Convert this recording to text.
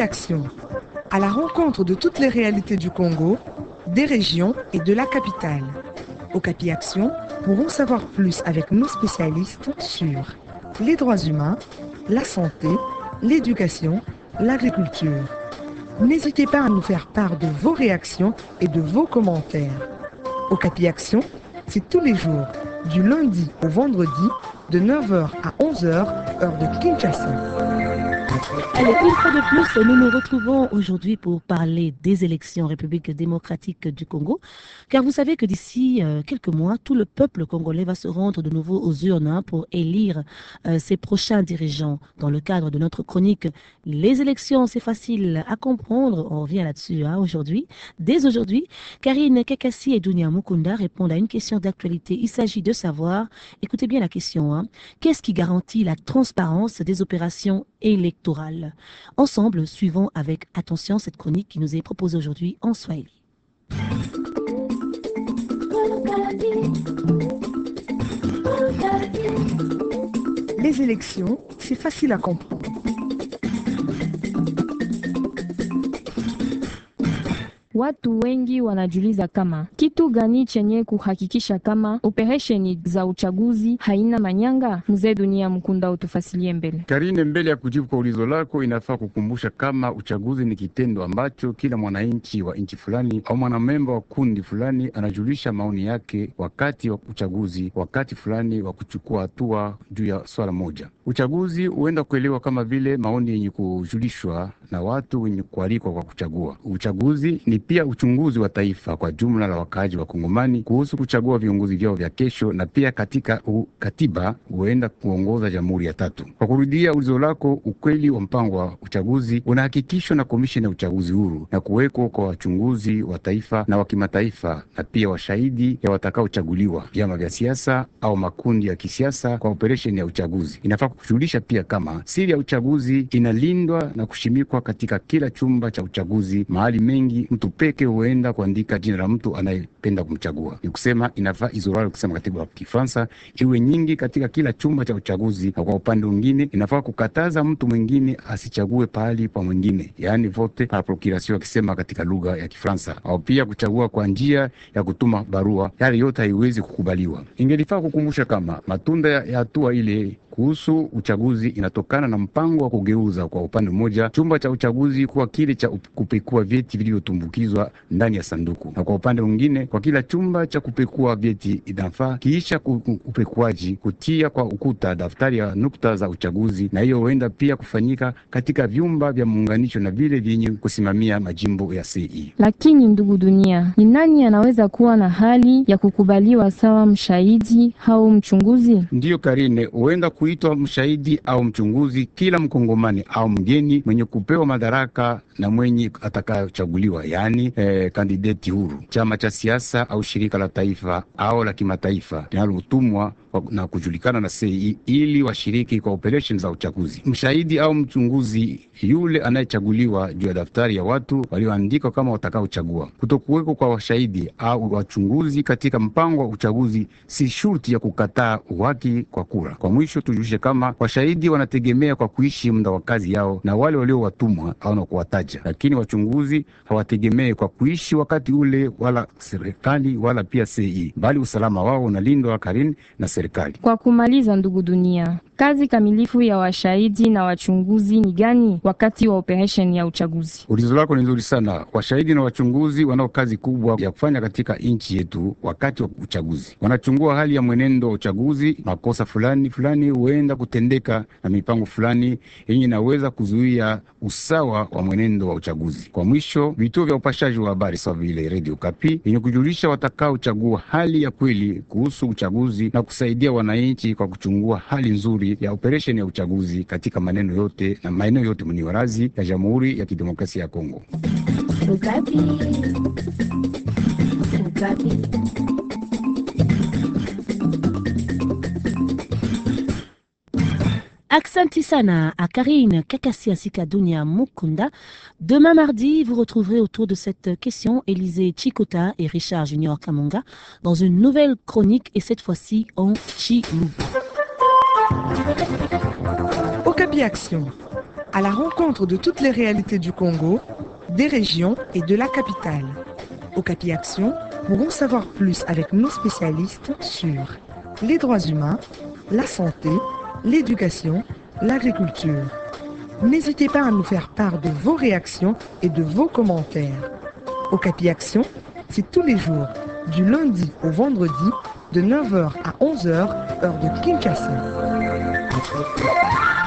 Action, à la rencontre de toutes les réalités du Congo, des régions et de la capitale. Au Capi Action, pourront savoir plus avec nos spécialistes sur les droits humains, la santé, l'éducation, l'agriculture. N'hésitez pas à nous faire part de vos réactions et de vos commentaires. Au Capi Action, c'est tous les jours, du lundi au vendredi, de 9h à 11h, heure de Kinshasa. Allez, une fois de plus, nous nous retrouvons aujourd'hui pour parler des élections en République démocratique du Congo, car vous savez que d'ici euh, quelques mois, tout le peuple congolais va se rendre de nouveau aux urnes hein, pour élire euh, ses prochains dirigeants. Dans le cadre de notre chronique, les élections, c'est facile à comprendre, on revient là-dessus hein, aujourd'hui. Dès aujourd'hui, Karine Kekassi et Dunia Mukunda répondent à une question d'actualité. Il s'agit de savoir, écoutez bien la question, hein, qu'est-ce qui garantit la transparence des opérations électorales Ensemble, suivons avec attention cette chronique qui nous est proposée aujourd'hui en Swahili. Les élections, c'est facile à comprendre. Watu wengi wanajiuliza kama kitu gani chenye kuhakikisha kama operesheni za uchaguzi haina manyanga. Mzee Dunia Mkunda utufasilie mbele. Karine, mbele ya kujibu kwa ulizo lako, inafaa kukumbusha kama uchaguzi ni kitendo ambacho kila mwananchi wa nchi fulani au mwanamemba wa kundi fulani anajulisha maoni yake wakati wa uchaguzi, wakati fulani wa kuchukua hatua juu ya swala moja. Uchaguzi huenda kuelewa kama vile maoni yenye kujulishwa na watu wenye kualikwa kwa kuchagua. Uchaguzi ni pia uchunguzi wa taifa kwa jumla la wakaaji wa Kongomani kuhusu kuchagua viongozi vyao vya kesho, na pia katika u, katiba huenda kuongoza jamhuri ya tatu. Kwa kurudia ulizo lako, ukweli wa mpango wa uchaguzi unahakikishwa na komisheni ya uchaguzi huru na kuwekwa kwa wachunguzi wa taifa na wa kimataifa, na pia washahidi ya watakaochaguliwa, vyama vya siasa au makundi ya kisiasa kwa operesheni ya uchaguzi inafaa kushughulisha pia kama siri ya uchaguzi inalindwa na kushimikwa katika kila chumba cha uchaguzi. Mahali mengi mtu peke huenda kuandika jina la mtu anayependa kumchagua. Ni kusema inafaa izorari, kusema katibu wa Kifaransa, iwe nyingi katika kila chumba cha uchaguzi, na kwa upande mwingine inafaa kukataza mtu mwingine asichague pahali pa mwingine, yaani vote par procuration, akisema katika lugha ya Kifaransa, au pia kuchagua kwa njia ya kutuma barua. Yale yote haiwezi kukubaliwa. Ingelifaa kukumbusha kama matunda ya hatua ile kuhusu uchaguzi inatokana na mpango wa kugeuza kwa upande mmoja chumba cha uchaguzi kuwa kile cha kupekua vyeti vilivyotumbukizwa ndani ya sanduku, na kwa upande mwingine kwa kila chumba cha kupekua vyeti inafaa kiisha upekuaji kutia kwa ukuta daftari ya nukta za uchaguzi, na hiyo huenda pia kufanyika katika vyumba vya muunganisho na vile vyenye kusimamia majimbo ya CE. Lakini ndugu dunia, ni nani anaweza kuwa na hali ya kukubaliwa sawa mshahidi au mchunguzi? Ndiyo Karine, huenda ku kuitwa mshahidi au mchunguzi kila mkongomani au mgeni mwenye kupewa madaraka na mwenye atakayochaguliwa, yaani eh, kandideti huru, chama cha siasa au shirika la taifa au la kimataifa linalotumwa na kujulikana na sei ili washiriki kwa operation za uchaguzi. Mshahidi au mchunguzi yule anayechaguliwa juu ya daftari ya watu walioandikwa kama watakaochagua. Kutokuweko kwa washahidi au wachunguzi katika mpango wa uchaguzi si shurti ya kukataa uhaki kwa kura. Kwa mwisho, tujulishe kama washahidi wanategemea kwa kuishi muda wa kazi yao na wale waliowatumwa au na kuwataja, lakini wachunguzi hawategemee kwa kuishi wakati ule wala serikali wala pia sei, bali usalama wao unalindwa karini na serikali serikali. Kwa kumaliza, ndugu dunia, kazi kamilifu ya washahidi na wachunguzi ni gani wakati wa operation ya uchaguzi? Ulizo lako ni nzuri sana. Washahidi na wachunguzi wanao kazi kubwa ya kufanya katika nchi yetu wakati wa uchaguzi. Wanachungua hali ya mwenendo wa uchaguzi, makosa fulani fulani huenda kutendeka na mipango fulani yenye inaweza kuzuia usawa wa mwenendo wa uchaguzi. Kwa mwisho, vituo vya upashaji wa habari sawa vile Radio Kapi yenye kujulisha watakaochagua hali ya kweli kuhusu uchaguzi na kusaidia kusaidia wananchi kwa kuchungua hali nzuri ya operesheni ya uchaguzi katika maneno yote na maeneo yote mniwarazi ya Jamhuri ya Kidemokrasia ya Kongo. Ukapi. Ukapi. Accent à Karine Kakassi Dunia Mukunda. Demain mardi, vous retrouverez autour de cette question Élisée Chikota et Richard Junior Kamonga dans une nouvelle chronique et cette fois-ci en Au Okapi Action, à la rencontre de toutes les réalités du Congo, des régions et de la capitale. Okapi Action pour en savoir plus avec nos spécialistes sur les droits humains, la santé, l'éducation, l'agriculture. N'hésitez pas à nous faire part de vos réactions et de vos commentaires. Au Capi Action, c'est tous les jours, du lundi au vendredi, de 9h à 11h, heure de Kinshasa.